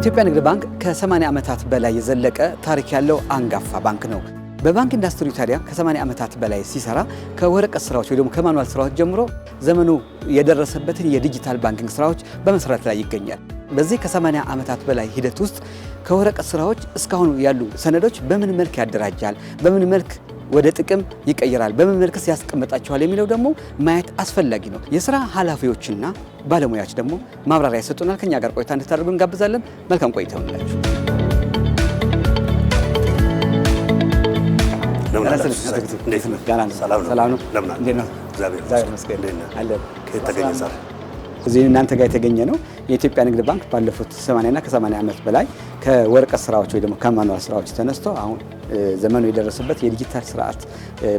የኢትዮጵያ ንግድ ባንክ ከ80 ዓመታት በላይ የዘለቀ ታሪክ ያለው አንጋፋ ባንክ ነው። በባንክ ኢንዱስትሪ ታዲያ ከ80 ዓመታት በላይ ሲሰራ ከወረቀት ስራዎች ወይ ደግሞ ከማኑዋል ስራዎች ጀምሮ ዘመኑ የደረሰበትን የዲጂታል ባንኪንግ ስራዎች በመስራት ላይ ይገኛል። በዚህ ከ80 ዓመታት በላይ ሂደት ውስጥ ከወረቀት ስራዎች እስካሁን ያሉ ሰነዶች በምን መልክ ያደራጃል፣ በምን መልክ ወደ ጥቅም ይቀይራል፣ በምን ያስቀምጣቸዋል የሚለው ደግሞ ማየት አስፈላጊ ነው። የስራ ኃላፊዎችና ባለሙያዎች ደግሞ ማብራሪያ ይሰጡናል። ከኛ ጋር ቆይታ እንድታደርጉ እንጋብዛለን። መልካም ቆይታ ይሆንላችሁ። እዚህ እናንተ ጋር የተገኘ ነው የኢትዮጵያ ንግድ ባንክ ባለፉት 80ና ከ80 ዓመት በላይ ከወርቅ ስራዎች ወይ ደግሞ ከማኑዋል ስራዎች ተነስቶ አሁን ዘመኑ የደረሰበት የዲጂታል ስርዓት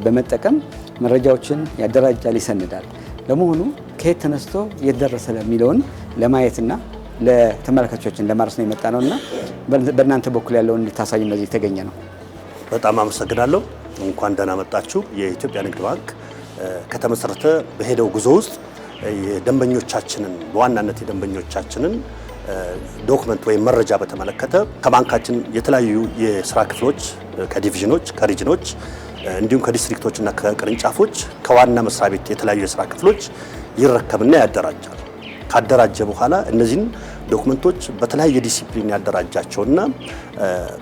በመጠቀም መረጃዎችን ያደራጃል፣ ይሰንዳል። ለመሆኑ ከየት ተነስቶ የት ደረሰ የሚለውን ለማየትና ለተመልካቾችን ለማድረስ ነው የመጣ ነውና በእናንተ በኩል ያለውን እንድታሳዩ እነዚህ የተገኘ ነው። በጣም አመሰግናለሁ። እንኳን ደህና መጣችሁ። የኢትዮጵያ ንግድ ባንክ ከተመሰረተ በሄደው ጉዞ ውስጥ የደንበኞቻችንን በዋናነት የደንበኞቻችንን ዶክመንት ወይም መረጃ በተመለከተ ከባንካችን የተለያዩ የስራ ክፍሎች ከዲቪዥኖች፣ ከሪጅኖች እንዲሁም ከዲስትሪክቶች እና ከቅርንጫፎች ከዋና መስሪያ ቤት የተለያዩ የስራ ክፍሎች ይረከብና ያደራጃል። ካደራጀ በኋላ እነዚህን ዶክመንቶች በተለያየ ዲሲፕሊን ያደራጃቸውና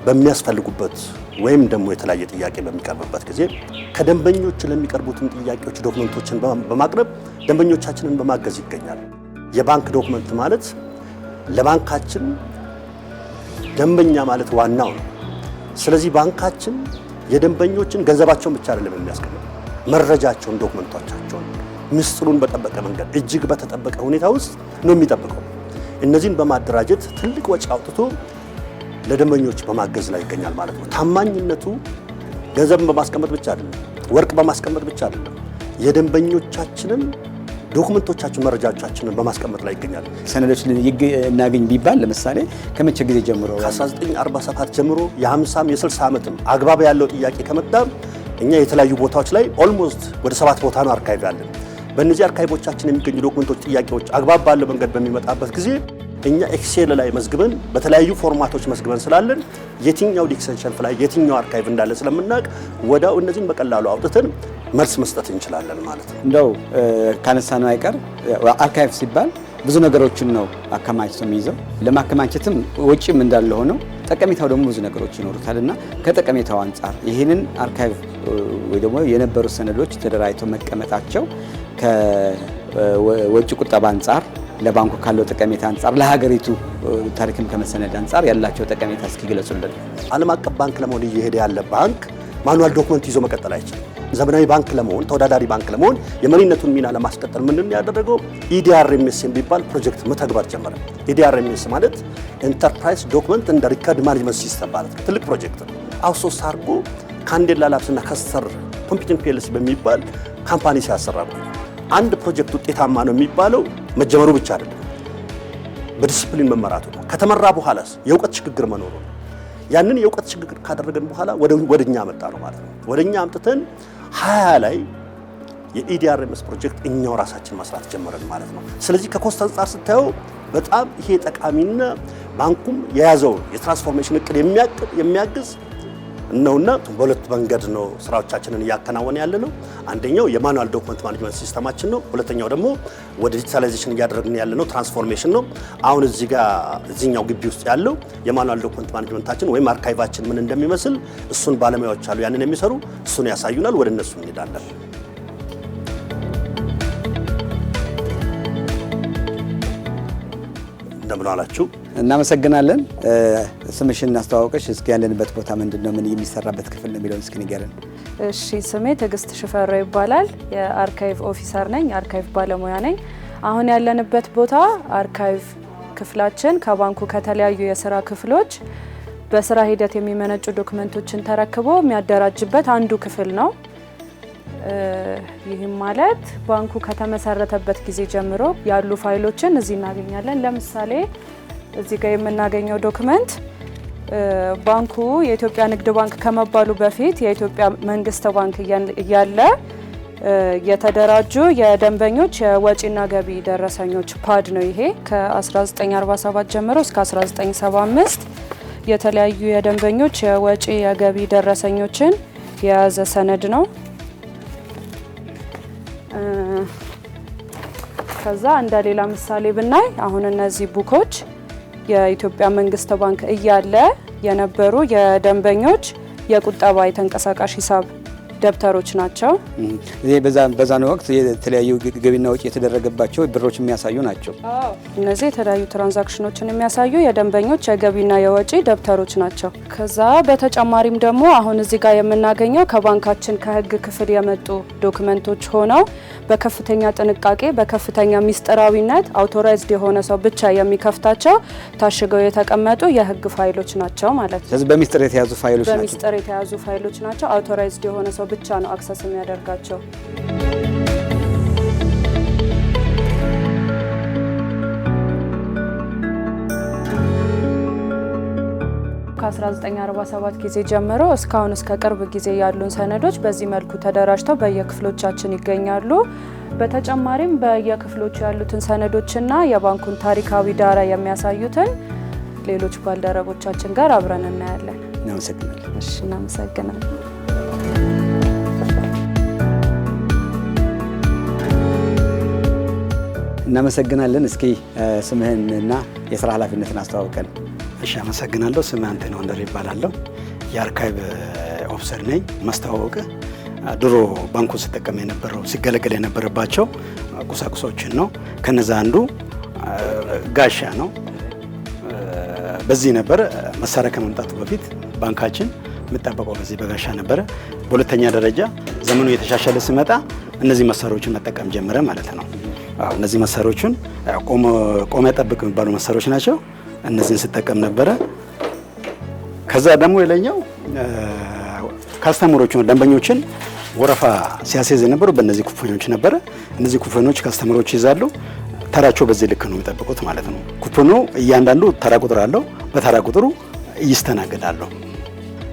በሚያስፈልጉበት ወይም ደግሞ የተለያየ ጥያቄ በሚቀርብበት ጊዜ ከደንበኞች ለሚቀርቡትን ጥያቄዎች ዶክመንቶችን በማቅረብ ደንበኞቻችንን በማገዝ ይገኛል። የባንክ ዶክመንት ማለት ለባንካችን ደንበኛ ማለት ዋናው ነው። ስለዚህ ባንካችን የደንበኞችን ገንዘባቸውን ብቻ አይደለም የሚያስቀምጥ መረጃቸውን፣ ዶክመንቶቻቸውን ምስጢሩን በጠበቀ መንገድ እጅግ በተጠበቀ ሁኔታ ውስጥ ነው የሚጠብቀው። እነዚህን በማደራጀት ትልቅ ወጪ አውጥቶ ለደንበኞች በማገዝ ላይ ይገኛል ማለት ነው። ታማኝነቱ ገንዘብን በማስቀመጥ ብቻ አይደለም፣ ወርቅ በማስቀመጥ ብቻ አይደለም፣ የደንበኞቻችንን ዶኩመንቶቻችን መረጃዎቻችንን በማስቀመጥ ላይ ይገኛል። ሰነዶች እናገኝ ቢባል ለምሳሌ ከመቼ ጊዜ ጀምሮ? ከ1947 ጀምሮ የ50 የ60 ዓመትም አግባብ ያለው ጥያቄ ከመጣ እኛ የተለያዩ ቦታዎች ላይ ኦልሞስት ወደ ሰባት ቦታ ነው አርካይቭ ያለን። በእነዚህ አርካይቦቻችን የሚገኙ ዶክመንቶች ጥያቄዎች አግባብ ባለው መንገድ በሚመጣበት ጊዜ እኛ ኤክሴል ላይ መዝግበን በተለያዩ ፎርማቶች መዝግበን ስላለን የትኛው ዲክሽን ሸልፍ ላይ የትኛው አርካይቭ እንዳለ ስለምናውቅ ወዳው እነዚህን በቀላሉ አውጥተን መልስ መስጠት እንችላለን ማለት ነው። እንደው ካነሳነው አይቀር አርካይቭ ሲባል ብዙ ነገሮችን ነው አከማችቶ የሚይዘው። ለማከማቸትም ወጪም እንዳለ ሆነው ጠቀሜታው ደግሞ ብዙ ነገሮች ይኖሩታል እና ከጠቀሜታው አንጻር ይህንን አርካይቭ ወይ ደግሞ የነበሩ ሰነዶች ተደራጅተው መቀመጣቸው ከወጪ ቁጠባ አንጻር ለባንኩ ካለው ጠቀሜታ አንጻር ለሀገሪቱ ታሪክም ከመሰነድ አንጻር ያላቸው ጠቀሜታ እስኪገለጹልን። ዓለም አቀፍ ባንክ ለመሆን እየሄደ ያለ ባንክ ማኑዋል ዶክመንት ይዞ መቀጠል አይችልም። ዘመናዊ ባንክ ለመሆን ተወዳዳሪ ባንክ ለመሆን የመሪነቱን ሚና ለማስቀጠል ምንድን ያደረገው ኢዲአርኤምኤስ e የሚባል ፕሮጀክት መተግበር ጀመረ። ኢዲአር e ኢዲአርኤምኤስ ማለት ኢንተርፕራይዝ ዶክመንት እንደ ሪከርድ ማኔጅመንት ሲስተም ማለት ነው። ትልቅ ፕሮጀክት ነው። አውሶስ አርጎ ካንዴላ ላብስና ከስተር ኮምፒቲንግ ፔልስ በሚባል ካምፓኒ ሲያሰራ አንድ ፕሮጀክት ውጤታማ ነው የሚባለው መጀመሩ ብቻ አይደለም፣ በዲስፕሊን መመራቱ ነው። ከተመራ በኋላስ የእውቀት ሽግግር መኖሩ ነው። ያንን የእውቀት ሽግግር ካደረገን በኋላ ወደኛ መጣ ነው ማለት ነው። ወደኛ አምጥተን ሀያ ላይ የኢዲአርኤምኤስ ፕሮጀክት እኛው ራሳችን መስራት ጀመረን ማለት ነው። ስለዚህ ከኮስት አንጻር ስታየው በጣም ይሄ ጠቃሚና ባንኩም የያዘውን የትራንስፎርሜሽን እቅድ የሚያግዝ ነውና በሁለት መንገድ ነው ስራዎቻችንን እያከናወን ያለ ነው። አንደኛው የማኑዋል ዶክመንት ማኔጅመንት ሲስተማችን ነው። ሁለተኛው ደግሞ ወደ ዲጂታላይዜሽን እያደረግን ያለ ነው፣ ትራንስፎርሜሽን ነው። አሁን እዚህ ጋር እዚህኛው ግቢ ውስጥ ያለው የማኑዋል ዶክመንት ማኔጅመንታችን ወይም አርካይቫችን ምን እንደሚመስል እሱን ባለሙያዎች አሉ፣ ያንን የሚሰሩ እሱን ያሳዩናል። ወደ እነሱ እንሄዳለን። እንደምን አላችሁ። እናመሰግናለን። ስምሽን እናስተዋወቅሽ እስኪ ያለንበት ቦታ ምንድን ነው? ምን የሚሰራበት ክፍል ነው የሚለውን እስኪ ንገረን። እሺ፣ ስሜ ትዕግስት ሽፈሮ ይባላል። የአርካይቭ ኦፊሰር ነኝ። የአርካይቭ ባለሙያ ነኝ። አሁን ያለንበት ቦታ አርካይቭ ክፍላችን ከባንኩ ከተለያዩ የስራ ክፍሎች በስራ ሂደት የሚመነጩ ዶክመንቶችን ተረክቦ የሚያደራጅበት አንዱ ክፍል ነው። ይህም ማለት ባንኩ ከተመሰረተበት ጊዜ ጀምሮ ያሉ ፋይሎችን እዚህ እናገኛለን። ለምሳሌ እዚህ ጋር የምናገኘው ዶክመንት ባንኩ የኢትዮጵያ ንግድ ባንክ ከመባሉ በፊት የኢትዮጵያ መንግስት ባንክ እያለ የተደራጁ የደንበኞች የወጪና ገቢ ደረሰኞች ፓድ ነው። ይሄ ከ1947 ጀምሮ እስከ 1975 የተለያዩ የደንበኞች የወጪ የገቢ ደረሰኞችን የያዘ ሰነድ ነው። ከዛ እንደ ሌላ ምሳሌ ብናይ አሁን እነዚህ ቡኮች የኢትዮጵያ መንግስት ባንክ እያለ የነበሩ የደንበኞች የቁጠባ የተንቀሳቃሽ ሂሳብ ደብተሮች ናቸው። ይሄ በዛን ወቅት የተለያዩ ገቢና ወጪ የተደረገባቸው ብሮች የሚያሳዩ ናቸው። እነዚህ የተለያዩ ትራንዛክሽኖችን የሚያሳዩ የደንበኞች የገቢና የወጪ ደብተሮች ናቸው። ከዛ በተጨማሪም ደግሞ አሁን እዚህ ጋር የምናገኘው ከባንካችን ከህግ ክፍል የመጡ ዶክመንቶች ሆነው በከፍተኛ ጥንቃቄ በከፍተኛ ሚስጥራዊነት አውቶራይዝድ የሆነ ሰው ብቻ የሚከፍታቸው ታሽገው የተቀመጡ የህግ ፋይሎች ናቸው ማለት ነው። በሚስጥር የተያዙ ፋይሎች ናቸው። አውቶራይዝድ የሆነ ሰው ብቻ ነው አክሰስ የሚያደርጋቸው። ከ1947 ጊዜ ጀምሮ እስካሁን እስከ ቅርብ ጊዜ ያሉን ሰነዶች በዚህ መልኩ ተደራጅተው በየክፍሎቻችን ይገኛሉ። በተጨማሪም በየክፍሎቹ ያሉትን ሰነዶችና የባንኩን ታሪካዊ ዳራ የሚያሳዩትን ሌሎች ባልደረቦቻችን ጋር አብረን እናያለን። እናመሰግናለን። እሺ፣ እናመሰግናለን። እናመሰግናለን። እስኪ እና የስራ ኃላፊነትን አስተዋውቀን። እሺ፣ አመሰግናለሁ። ስም ነው እንደር ይባላለሁ። የአርካይቭ ኦፊሰር ነኝ። ማስተዋወቅ ድሮ ባንኩ ስጠቀም የነበረው ሲገለገል የነበረባቸው ቁሳቁሶችን ነው። ከነዛ አንዱ ጋሻ ነው። በዚህ ነበር መሳሪያ ከመምጣቱ በፊት ባንካችን የምጠበቀው በዚህ በጋሻ ነበረ። በሁለተኛ ደረጃ ዘመኑ የተሻሻለ ሲመጣ እነዚህ መሳሪያዎችን መጠቀም ጀመረ ማለት ነው። እነዚህ መሳሪያዎቹን ቆመ ጠብቅ የሚባሉ መሳሪያዎች ናቸው። እነዚህን ስጠቀም ነበረ። ከዛ ደግሞ የለኛው ካስተመሮቹ ደንበኞችን ወረፋ ሲያስይዝ የነበሩ በእነዚህ ኩፖኞች ነበረ። እነዚህ ኩፖኖች ካስተመሮች ይዛሉ። ተራቸው በዚህ ልክ ነው የሚጠብቁት ማለት ነው። ኩፖኑ እያንዳንዱ ተራ ቁጥር አለው። በተራ ቁጥሩ ይስተናገዳሉ።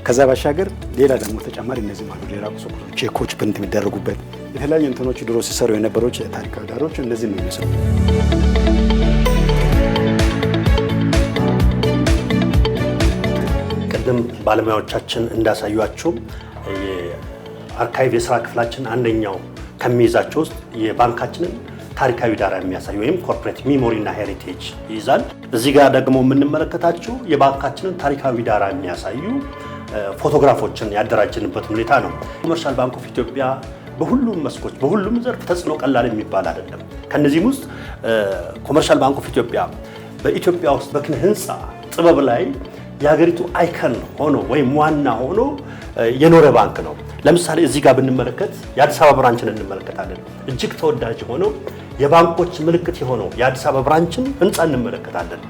ከዛ ባሻገር ሌላ ደግሞ ተጨማሪ እነዚህ ማለት ሌላ ቁሶቁሶች ቼኮች ፕሪንት የሚደረጉበት የተለያዩ እንትኖች ድሮ ሲሰሩ የነበሮች ታሪካዊ ዳሮች እነዚህ ነው የሚሰሩ። ቅድም ባለሙያዎቻችን እንዳሳዩችሁ የአርካይቭ የስራ ክፍላችን አንደኛው ከሚይዛቸው ውስጥ የባንካችንን ታሪካዊ ዳራ የሚያሳይ ወይም ኮርፖሬት ሚሞሪ እና ሄሪቴጅ ይይዛል። እዚህ ጋር ደግሞ የምንመለከታቸው የባንካችንን ታሪካዊ ዳራ የሚያሳዩ ፎቶግራፎችን ያደራጀንበት ሁኔታ ነው። ኮመርሻል ባንክ ኦፍ ኢትዮጵያ በሁሉም መስኮች በሁሉም ዘርፍ ተጽዕኖ ቀላል የሚባል አይደለም። ከነዚህም ውስጥ ኮመርሻል ባንክ ኦፍ ኢትዮጵያ በኢትዮጵያ ውስጥ በኪነ ህንፃ ጥበብ ላይ የሀገሪቱ አይከን ሆኖ ወይም ዋና ሆኖ የኖረ ባንክ ነው። ለምሳሌ እዚህ ጋር ብንመለከት የአዲስ አበባ ብራንችን እንመለከታለን። እጅግ ተወዳጅ የሆነው የባንኮች ምልክት የሆነው የአዲስ አበባ ብራንችን ህንፃ እንመለከታለን።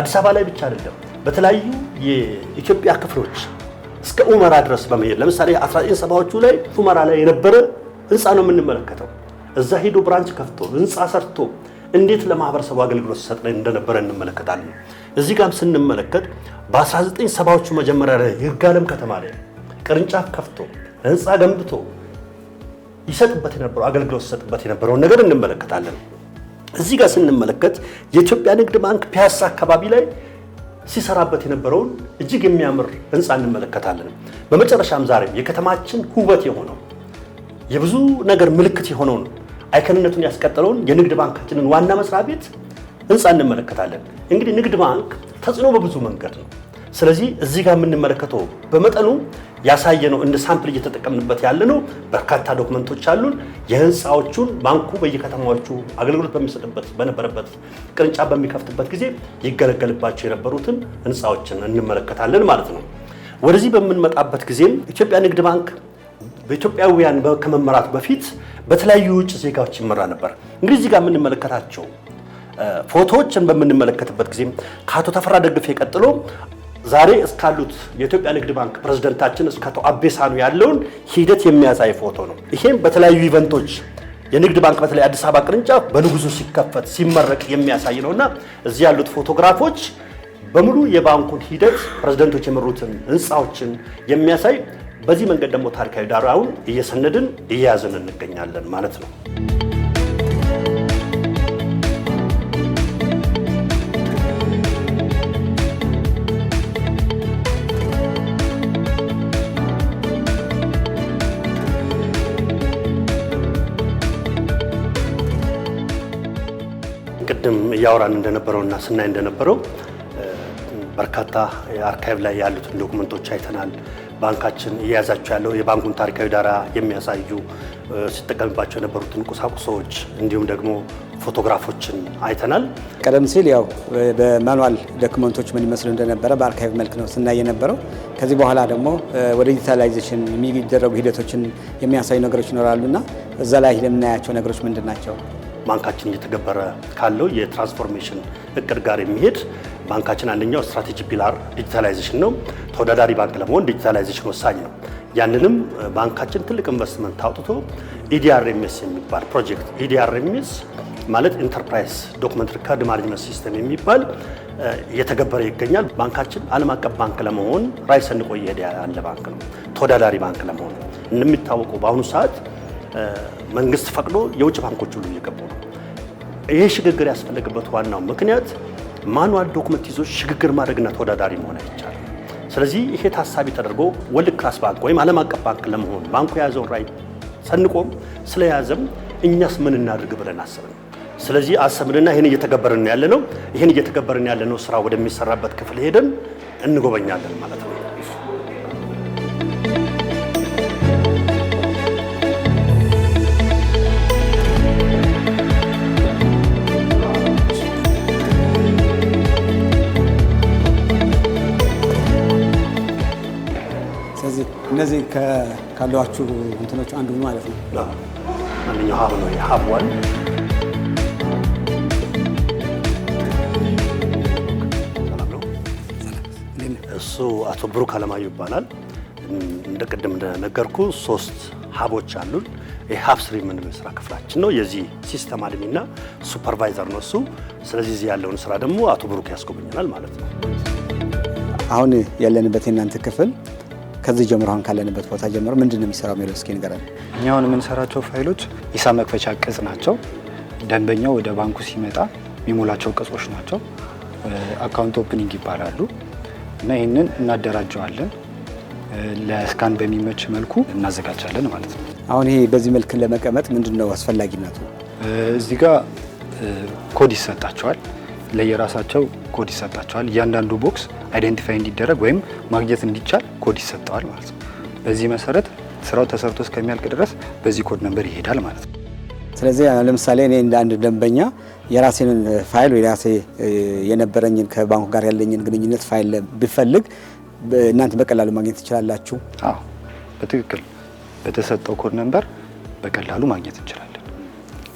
አዲስ አበባ ላይ ብቻ አይደለም በተለያዩ የኢትዮጵያ ክፍሎች እስከ ኡመራ ድረስ በመሄድ ለምሳሌ 1970ዎቹ ላይ ኡመራ ላይ የነበረ ህንፃ ነው የምንመለከተው። እዛ ሄዶ ብራንች ከፍቶ ህንፃ ሰርቶ እንዴት ለማህበረሰቡ አገልግሎት ሲሰጥ እንደነበረ እንመለከታለን። እዚህ ጋም ስንመለከት በ1970ዎቹ መጀመሪያ ላይ ይርጋለም ከተማ ላይ ቅርንጫፍ ከፍቶ ህንፃ ገንብቶ ይሰጥበት የነበረው አገልግሎት ይሰጥበት የነበረውን ነገር እንመለከታለን። እዚህ ጋር ስንመለከት የኢትዮጵያ ንግድ ባንክ ፒያሳ አካባቢ ላይ ሲሰራበት የነበረውን እጅግ የሚያምር ህንፃ እንመለከታለን። በመጨረሻም ዛሬም የከተማችን ውበት የሆነው የብዙ ነገር ምልክት የሆነውን አይከንነቱን ያስቀጠለውን የንግድ ባንካችንን ዋና መስሪያ ቤት ህንፃ እንመለከታለን። እንግዲህ ንግድ ባንክ ተጽዕኖ በብዙ መንገድ ነው። ስለዚህ እዚህ ጋር የምንመለከተው በመጠኑ ያሳየ ነው። እንደ ሳምፕል እየተጠቀምንበት ያለ ነው። በርካታ ዶክመንቶች አሉን። የህንፃዎቹን ባንኩ በየከተማዎቹ አገልግሎት በሚሰጥበት በነበረበት ቅርንጫፍ በሚከፍትበት ጊዜ ይገለገልባቸው የነበሩትን ህንፃዎችን እንመለከታለን ማለት ነው። ወደዚህ በምንመጣበት ጊዜም ኢትዮጵያ ንግድ ባንክ በኢትዮጵያውያን ከመመራቱ በፊት በተለያዩ የውጭ ዜጋዎች ይመራ ነበር። እንግዲህ እዚህ ጋር የምንመለከታቸው ፎቶዎችን በምንመለከትበት ጊዜ ከአቶ ተፈራ ደግፌ ቀጥሎ ዛሬ እስካሉት የኢትዮጵያ ንግድ ባንክ ፕሬዝደንታችን እስከ አቶ አቤሳኑ ያለውን ሂደት የሚያሳይ ፎቶ ነው። ይሄም በተለያዩ ኢቨንቶች የንግድ ባንክ በተለይ አዲስ አበባ ቅርንጫፍ በንጉሱ ሲከፈት ሲመረቅ የሚያሳይ እና እዚህ ያሉት ፎቶግራፎች በሙሉ የባንኩን ሂደት ፕሬዝደንቶች የመሩትን ህንፃዎችን የሚያሳይ በዚህ መንገድ ደግሞ ታሪካዊ ዳራውን እየሰነድን እየያዝን እንገኛለን ማለት ነው። እያወራን እንደነበረውና ስናይ እንደነበረው በርካታ አርካይቭ ላይ ያሉትን ዶክመንቶች አይተናል። ባንካችን እየያዛቸው ያለው የባንኩን ታሪካዊ ዳራ የሚያሳዩ ሲጠቀምባቸው የነበሩትን ቁሳቁሶች እንዲሁም ደግሞ ፎቶግራፎችን አይተናል። ቀደም ሲል ያው በማኑዋል ዶክመንቶች ምን ይመስሉ እንደነበረ በአርካይቭ መልክ ነው ስናይ የነበረው። ከዚህ በኋላ ደግሞ ወደ ዲጂታላይዜሽን የሚደረጉ ሂደቶችን የሚያሳዩ ነገሮች ይኖራሉና እዛ ላይ የምናያቸው ነገሮች ምንድን ናቸው? ባንካችን እየተገበረ ካለው የትራንስፎርሜሽን እቅድ ጋር የሚሄድ ባንካችን አንደኛው ስትራቴጂ ፒላር ዲጂታላይዜሽን ነው። ተወዳዳሪ ባንክ ለመሆን ዲጂታላይዜሽን ወሳኝ ነው። ያንንም ባንካችን ትልቅ ኢንቨስትመንት አውጥቶ ኢዲአርኤምኤስ e የሚባል ፕሮጀክት ኢዲአርኤምኤስ e ማለት ኢንተርፕራይዝ ዶክመንት ሪከርድ ማኔጅመንት ሲስተም የሚባል እየተገበረ ይገኛል። ባንካችን ዓለም አቀፍ ባንክ ለመሆን ራዕይ ሰንቆ እየሄደ ያለ ባንክ ነው። ተወዳዳሪ ባንክ ለመሆን እንደሚታወቀው በአሁኑ ሰዓት መንግስት ፈቅዶ የውጭ ባንኮች ሁሉ እየገቡ ነው። ይሄ ሽግግር ያስፈለገበት ዋናው ምክንያት ማኑዋል ዶክመንት ይዞ ሽግግር ማድረግና ተወዳዳሪ መሆን አይቻልም። ስለዚህ ይሄ ታሳቢ ተደርጎ ወልድ ክላስ ባንክ ወይም ዓለም አቀፍ ባንክ ለመሆን ባንኩ የያዘውን ራይ ሰንቆም ስለያዘም እኛስ ምን እናድርግ ብለን አስብን። ስለዚህ አሰብንና ይህን እየተገበርን ያለ ነው። ይህን እየተገበርን ያለ ነው ስራ ወደሚሰራበት ክፍል ሄደን እንጎበኛለን ማለት ነው። እነዚህ ካለዋችሁ እንትኖች አንዱ ማለት ነው። አንደኛው ሀብ ነው። የሀብ ዋን እሱ አቶ ብሩክ አለማዩ ይባላል። ቅድም እንደነገርኩ ሶስት ሀቦች አሉን። የሀብ ስሪ የምንለው ስራ ክፍላችን ነው። የዚህ ሲስተም አድሚና ሱፐርቫይዘር ነው እሱ። ስለዚህ እዚህ ያለውን ስራ ደግሞ አቶ ብሩክ ያስጎበኛል ማለት ነው። አሁን ያለንበት የእናንተ ክፍል ከዚህ ጀምሮ አሁን ካለንበት ቦታ ጀምሮ ምንድን ነው የሚሰራው የሚለው እስኪ ንገረን። እኛ አሁን የምንሰራቸው ፋይሎች ሂሳብ መክፈቻ ቅጽ ናቸው። ደንበኛው ወደ ባንኩ ሲመጣ የሚሞላቸው ቅጾች ናቸው። አካውንት ኦፕኒንግ ይባላሉ እና ይህንን እናደራጀዋለን። ለስካን በሚመች መልኩ እናዘጋጃለን ማለት ነው። አሁን ይሄ በዚህ መልክ ለመቀመጥ ምንድን ነው አስፈላጊነቱ? እዚህ ጋር ኮድ ይሰጣቸዋል። ለየራሳቸው ኮድ ይሰጣቸዋል። እያንዳንዱ ቦክስ አይደንቲፋይ እንዲደረግ ወይም ማግኘት እንዲቻል ኮድ ይሰጠዋል ማለት ነው። በዚህ መሰረት ስራው ተሰርቶ እስከሚያልቅ ድረስ በዚህ ኮድ ነንበር ይሄዳል ማለት ነው። ስለዚህ ለምሳሌ እኔ እንደ አንድ ደንበኛ የራሴን ፋይል ወይ ራሴ የነበረኝን ከባንኩ ጋር ያለኝን ግንኙነት ፋይል ብፈልግ እናንተ በቀላሉ ማግኘት ትችላላችሁ? አዎ በትክክል በተሰጠው ኮድ ነንበር በቀላሉ ማግኘት እንችላለን።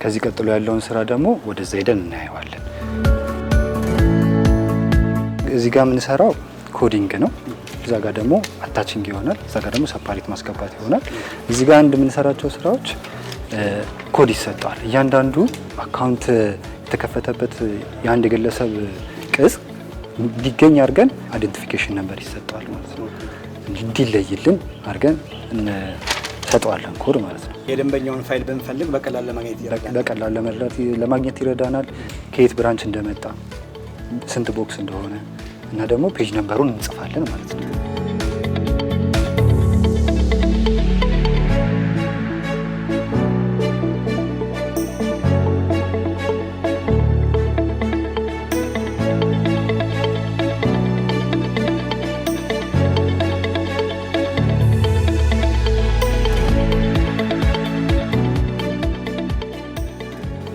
ከዚህ ቀጥሎ ያለውን ስራ ደግሞ ወደዛ ሄደን እናየዋለን። እዚህ ጋር የምንሰራው ኮዲንግ ነው። እዛ ጋር ደግሞ አታችንግ ይሆናል። እዛ ጋር ደግሞ ሰፓሬት ማስገባት ይሆናል። እዚህ ጋር አንድ የምንሰራቸው ስራዎች ኮድ ይሰጠዋል። እያንዳንዱ አካውንት የተከፈተበት የአንድ ግለሰብ ቅጽ እንዲገኝ አድርገን አይደንቲፊኬሽን ነበር ይሰጠዋል ማለት ነው። እንዲለይልን አድርገን እንሰጠዋለን ኮድ ማለት ነው። የደንበኛውን ፋይል ብንፈልግ በቀላል ለማግኘት ይረዳናል። በቀላል ለማግኘት ይረዳናል። ከየት ብራንች እንደመጣ ስንት ቦክስ እንደሆነ እና ደግሞ ፔጅ ነንበሩን እንጽፋለን ማለት ነው።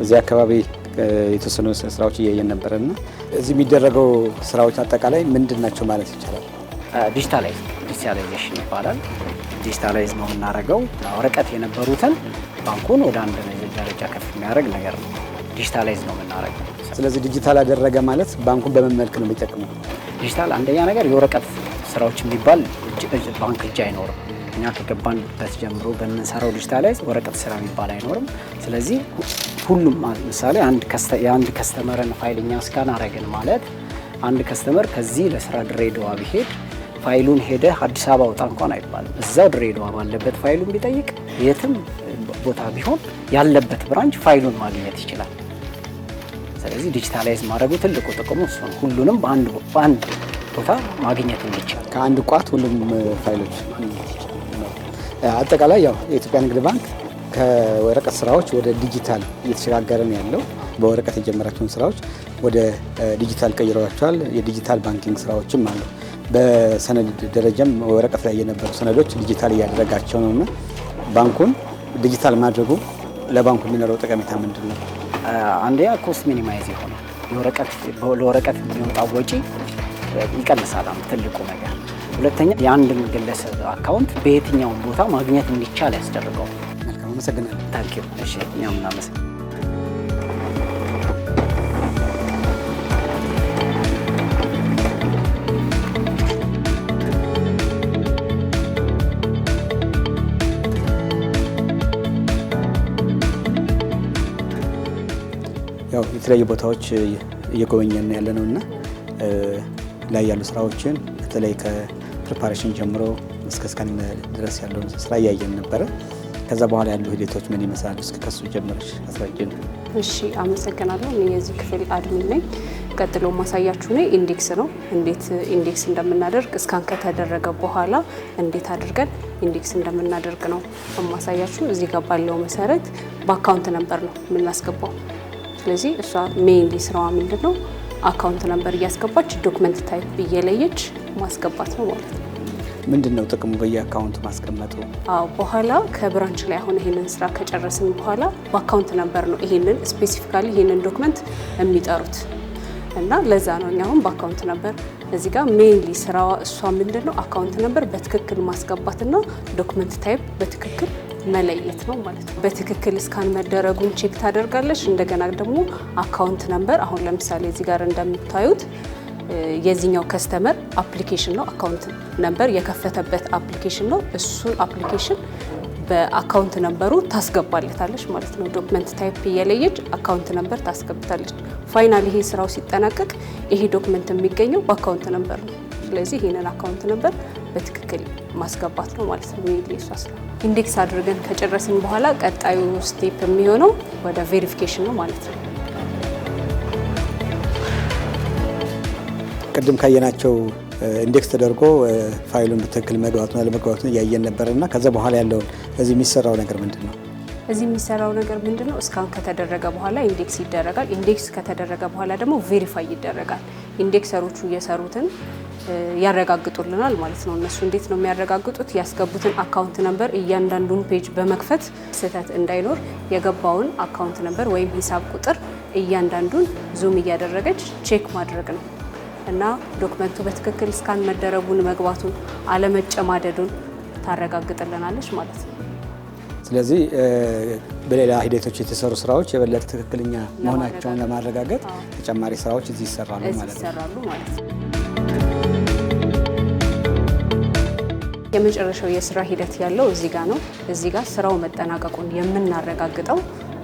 እዚህ አካባቢ የተወሰኑ ስራዎች እያየን ነበረ እና እዚህ የሚደረገው ስራዎች አጠቃላይ ምንድን ናቸው ማለት ይቻላል? ዲጂታላይዝ ዲጂታላይዜሽን ይባላል። ዲጂታላይዝ ነው የምናደርገው ወረቀት የነበሩትን ባንኩን ወደ አንድ ደረጃ ከፍ የሚያደርግ ነገር ነው። ዲጂታላይዝ ነው የምናደርገው። ስለዚህ ዲጂታል አደረገ ማለት ባንኩን በምን መልክ ነው የሚጠቅመው? ዲጂታል አንደኛ ነገር የወረቀት ስራዎች የሚባል ባንክ እጅ አይኖርም። እኛ ከገባንበት ጀምሮ በምንሰራው ዲጂታላይዝ ወረቀት ስራ የሚባል አይኖርም። ስለዚህ ሁሉም ምሳሌ የአንድ ከስተመርን ፋይል ስካን አረግን ማለት አንድ ከስተመር ከዚህ ለስራ ድሬዳዋ ቢሄድ ፋይሉን ሄደ አዲስ አበባ ወጣ እንኳን አይባልም። እዛው ድሬዳዋ ባለበት ፋይሉን ቢጠይቅ የትም ቦታ ቢሆን ያለበት ብራንች ፋይሉን ማግኘት ይችላል። ስለዚህ ዲጂታላይዝ ማድረጉ ትልቁ ጥቅሙ እሱ ነው። ሁሉንም በአንድ ቦታ ማግኘት እንዲቻል ከአንድ ቋት ሁሉም ፋይሎች አጠቃላይ ያው የኢትዮጵያ ንግድ ባንክ ከወረቀት ስራዎች ወደ ዲጂታል እየተሸጋገረ ነው ያለው። በወረቀት የጀመራቸውን ስራዎች ወደ ዲጂታል ቀይረዋቸዋል። የዲጂታል ባንኪንግ ስራዎችም አሉ። በሰነድ ደረጃም ወረቀት ላይ የነበሩ ሰነዶች ዲጂታል እያደረጋቸው እና ባንኩን ዲጂታል ማድረጉ ለባንኩ የሚኖረው ጠቀሜታ ምንድን ነው? አንደኛ ኮስት ሚኒማይዝ የሆነ ለወረቀት የሚወጣው ወጪ ይቀንሳል። ትልቁ ነገር። ሁለተኛ የአንድን ግለሰብ አካውንት በየትኛውን ቦታ ማግኘት እንዲቻል ያስደርገዋል። እናመሰግናለን። ታንኪዩ። እሺ፣ እኛም እናመሰግናለን። ያው የተለያዩ ቦታዎች እየጎበኘን ያለ ነው እና ላይ ያሉ ስራዎችን በተለይ ከፕሪፓሬሽን ጀምሮ እስከ እስካን ድረስ ያለውን ስራ እያየን ነበረ። ከዛ በኋላ ያሉ ሂደቶች ምን ይመስላሉ? እስ ከሱ ጀምረሽ አስረጅ ነው። እሺ አመሰግናለሁ። እኔ የዚህ ክፍል አድሚን ነኝ። ቀጥሎ ማሳያችሁ ነው ኢንዴክስ ነው። እንዴት ኢንዴክስ እንደምናደርግ እስካን ከተደረገ በኋላ እንዴት አድርገን ኢንዴክስ እንደምናደርግ ነው ማሳያችሁ። እዚህ ጋር ባለው መሰረት በአካውንት ነንበር ነው የምናስገባው። ስለዚህ እሷ ሜይንሊ ስራዋ ምንድን ነው አካውንት ነንበር እያስገባች ዶክመንት ታይፕ እየለየች ማስገባት ነው ማለት ነው። ምንድን ነው ጥቅሙ በየአካውንት ማስቀመጡ? አዎ በኋላ ከብራንች ላይ አሁን ይሄንን ስራ ከጨረስን በኋላ በአካውንት ነበር ነው ይሄንን ስፔሲፊካሊ ይሄንን ዶክመንት የሚጠሩት እና ለዛ ነው እኛ አሁን በአካውንት ነበር እዚህ ጋር ሜይንሊ ስራዋ እሷ ምንድን ነው አካውንት ነበር በትክክል ማስገባትና ዶክመንት ታይፕ በትክክል መለየት ነው ማለት ነው። በትክክል እስካን መደረጉን ቼክ ታደርጋለች። እንደገና ደግሞ አካውንት ነበር አሁን ለምሳሌ እዚህ ጋር እንደምታዩት የዚህኛው ከስተመር አፕሊኬሽን ነው አካውንት ነንበር የከፈተበት አፕሊኬሽን ነው። እሱን አፕሊኬሽን በአካውንት ነንበሩ ታስገባለታለች ማለት ነው። ዶክመንት ታይፕ እየለየች አካውንት ነንበር ታስገብታለች። ፋይናል ይሄ ስራው ሲጠናቀቅ ይሄ ዶክመንት የሚገኘው በአካውንት ነንበር ነው። ስለዚህ ይህንን አካውንት ነንበር በትክክል ማስገባት ነው ማለት ነው። የሷ ስራ ኢንዴክስ አድርገን ከጨረስን በኋላ ቀጣዩ ስቴፕ የሚሆነው ወደ ቬሪፊኬሽን ነው ማለት ነው። ቅድም ካየናቸው ኢንዴክስ ተደርጎ ፋይሉን በትክክል መግባቱን አለመግባቱን እያየን ነበር እና ከዛ በኋላ ያለውን እዚህ የሚሰራው ነገር ምንድን ነው? እዚህ የሚሰራው ነገር ምንድን ነው? እስካሁን ከተደረገ በኋላ ኢንዴክስ ይደረጋል። ኢንዴክስ ከተደረገ በኋላ ደግሞ ቬሪፋይ ይደረጋል። ኢንዴክሰሮቹ እየሰሩትን ያረጋግጡልናል ማለት ነው። እነሱ እንዴት ነው የሚያረጋግጡት? ያስገቡትን አካውንት ነንበር እያንዳንዱን ፔጅ በመክፈት ስህተት እንዳይኖር የገባውን አካውንት ነንበር ወይም ሂሳብ ቁጥር እያንዳንዱን ዙም እያደረገች ቼክ ማድረግ ነው። እና ዶክመንቱ በትክክል እስካን መደረጉን መግባቱን አለመጨማደዱን ታረጋግጥልናለች ማለት ነው። ስለዚህ በሌላ ሂደቶች የተሰሩ ስራዎች የበለጠ ትክክለኛ መሆናቸውን ለማረጋገጥ ተጨማሪ ስራዎች እዚህ ይሰራሉ ማለት ነው። የመጨረሻው የስራ ሂደት ያለው እዚህ ጋር ነው። እዚህ ጋር ስራው መጠናቀቁን የምናረጋግጠው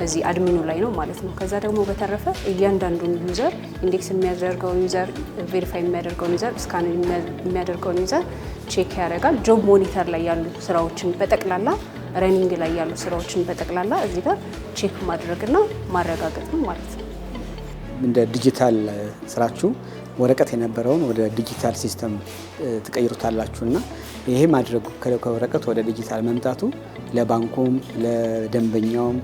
እዚህ አድሚኑ ላይ ነው ማለት ነው። ከዛ ደግሞ በተረፈ እያንዳንዱን ዩዘር ኢንዴክስ የሚያደርገውን ዩዘር፣ ቬሪፋይ የሚያደርገውን ዩዘር፣ ስካን የሚያደርገውን ዩዘር ቼክ ያደርጋል። ጆብ ሞኒተር ላይ ያሉ ስራዎችን በጠቅላላ ረኒንግ ላይ ያሉ ስራዎችን በጠቅላላ እዚህ ጋር ቼክ ማድረግና ማረጋገጥ ነው ማለት ነው። እንደ ዲጂታል ስራችሁ ወረቀት የነበረውን ወደ ዲጂታል ሲስተም ትቀይሩታላችሁና ይሄ ማድረጉ ከወረቀት ወደ ዲጂታል መምጣቱ ለባንኩም ለደንበኛውም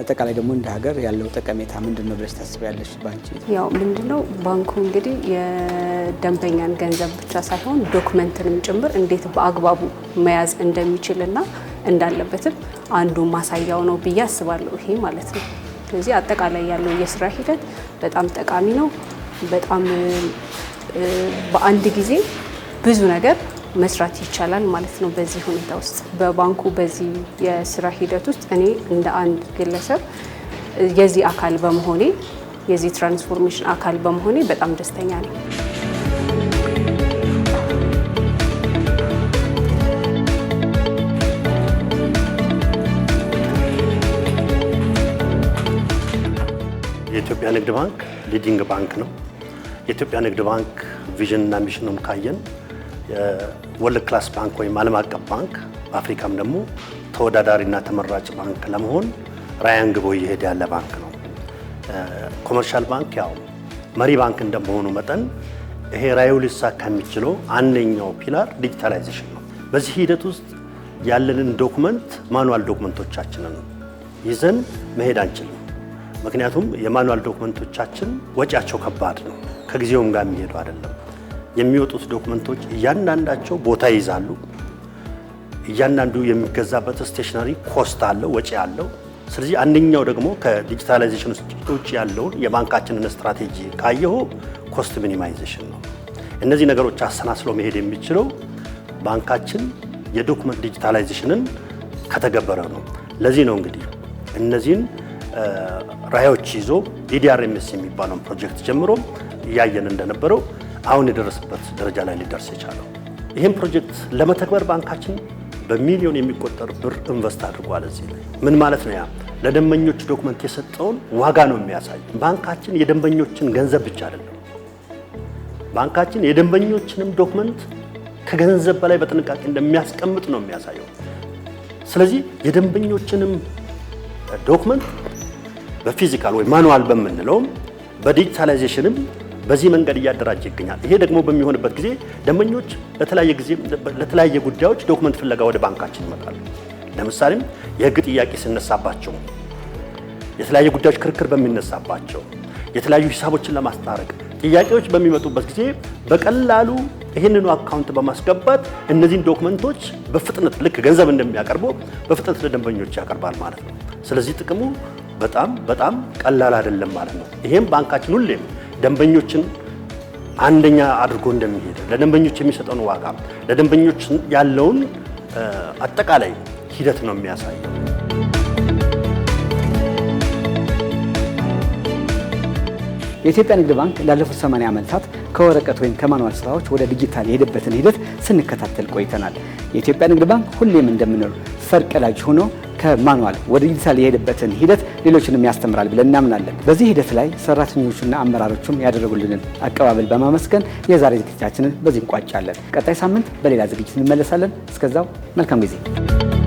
አጠቃላይ ደግሞ እንደ ሀገር ያለው ጠቀሜታ ምንድን ነው ብለሽ ታስቢያለሽ? ባንቺ ያው ምንድን ነው ባንኩ እንግዲህ የደንበኛን ገንዘብ ብቻ ሳይሆን ዶክመንትንም ጭምር እንዴት በአግባቡ መያዝ እንደሚችልና እንዳለበትም አንዱ ማሳያው ነው ብዬ አስባለሁ ይሄ ማለት ነው። ስለዚህ አጠቃላይ ያለው የስራ ሂደት በጣም ጠቃሚ ነው። በጣም በአንድ ጊዜ ብዙ ነገር መስራት ይቻላል ማለት ነው። በዚህ ሁኔታ ውስጥ በባንኩ በዚህ የስራ ሂደት ውስጥ እኔ እንደ አንድ ግለሰብ የዚህ አካል በመሆኔ የዚህ ትራንስፎርሜሽን አካል በመሆኔ በጣም ደስተኛ ነኝ። የኢትዮጵያ ንግድ ባንክ ሊዲንግ ባንክ ነው። የኢትዮጵያ ንግድ ባንክ ቪዥንና ሚሽኑን ካየን ወል ክላስ ባንክ ወይም ዓለም አቀፍ ባንክ በአፍሪካም ደግሞ ተወዳዳሪና ተመራጭ ባንክ ለመሆን ራያን ግቦ እየሄደ ያለ ባንክ ነው። ኮመርሻል ባንክ ያው መሪ ባንክ እንደመሆኑ መጠን ይሄ ራዩ ሊሳካ የሚችለው አንደኛው ፒላር ዲጂታላይዜሽን ነው። በዚህ ሂደት ውስጥ ያለንን ዶክመንት ማኑዋል ዶክመንቶቻችንን ይዘን መሄድ አንችልም። ምክንያቱም የማኑዋል ዶክመንቶቻችን ወጪያቸው ከባድ ነው፣ ከጊዜውም ጋር የሚሄዱ አይደለም። የሚወጡት ዶክመንቶች እያንዳንዳቸው ቦታ ይይዛሉ። እያንዳንዱ የሚገዛበት ስቴሽነሪ ኮስት አለው፣ ወጪ አለው። ስለዚህ አንደኛው ደግሞ ከዲጂታላይዜሽን ውጭ ያለውን የባንካችንን ስትራቴጂ ካየሁ ኮስት ሚኒማይዜሽን ነው። እነዚህ ነገሮች አሰናስሎ መሄድ የሚችለው ባንካችን የዶክመንት ዲጂታላይዜሽንን ከተገበረ ነው። ለዚህ ነው እንግዲህ እነዚህን ራዮች ይዞ ኢዲአርኤምኤስ የሚባለውን ፕሮጀክት ጀምሮ እያየን እንደነበረው አሁን የደረሰበት ደረጃ ላይ ሊደርስ የቻለው። ይህም ፕሮጀክት ለመተግበር ባንካችን በሚሊዮን የሚቆጠር ብር ኢንቨስት አድርጓል። እዚህ ላይ ምን ማለት ነው? ያ ለደንበኞች ዶክመንት የሰጠውን ዋጋ ነው የሚያሳይ። ባንካችን የደንበኞችን ገንዘብ ብቻ አይደለም፣ ባንካችን የደንበኞችንም ዶክመንት ከገንዘብ በላይ በጥንቃቄ እንደሚያስቀምጥ ነው የሚያሳየው። ስለዚህ የደንበኞችንም ዶክመንት በፊዚካል ወይ ማኑዋል በምንለውም በዲጂታላይዜሽንም በዚህ መንገድ እያደራጀ ይገኛል። ይሄ ደግሞ በሚሆንበት ጊዜ ደንበኞች ለተለያየ ጊዜ ለተለያየ ጉዳዮች ዶክመንት ፍለጋ ወደ ባንካችን ይመጣሉ። ለምሳሌም የህግ ጥያቄ ሲነሳባቸው፣ የተለያየ ጉዳዮች ክርክር በሚነሳባቸው፣ የተለያዩ ሂሳቦችን ለማስታረቅ ጥያቄዎች በሚመጡበት ጊዜ በቀላሉ ይህንኑ አካውንት በማስገባት እነዚህን ዶክመንቶች በፍጥነት ልክ ገንዘብ እንደሚያቀርቡ በፍጥነት ለደንበኞች ያቀርባል ማለት ነው። ስለዚህ ጥቅሙ በጣም በጣም ቀላል አይደለም ማለት ነው። ይሄም ባንካችን ሁሌም ደንበኞችን አንደኛ አድርጎ እንደሚሄድ ለደንበኞች የሚሰጠውን ዋጋ ለደንበኞች ያለውን አጠቃላይ ሂደት ነው የሚያሳየው። የኢትዮጵያ ንግድ ባንክ ላለፉት 80 ዓመታት ከወረቀት ወይም ከማንዋል ስራዎች ወደ ዲጂታል የሄደበትን ሂደት ስንከታተል ቆይተናል። የኢትዮጵያ ንግድ ባንክ ሁሌም እንደምንለው ፈር ሆኖ ከማኑዋል ወደ ዲጂታል የሄደበትን ሂደት ሌሎችንም ያስተምራል ብለን እናምናለን። በዚህ ሂደት ላይ ሰራተኞቹና አመራሮቹም ያደረጉልንን አቀባበል በማመስገን የዛሬ ዝግጅታችንን በዚህ እንቋጫለን። ቀጣይ ሳምንት በሌላ ዝግጅት እንመለሳለን። እስከዛው መልካም ጊዜ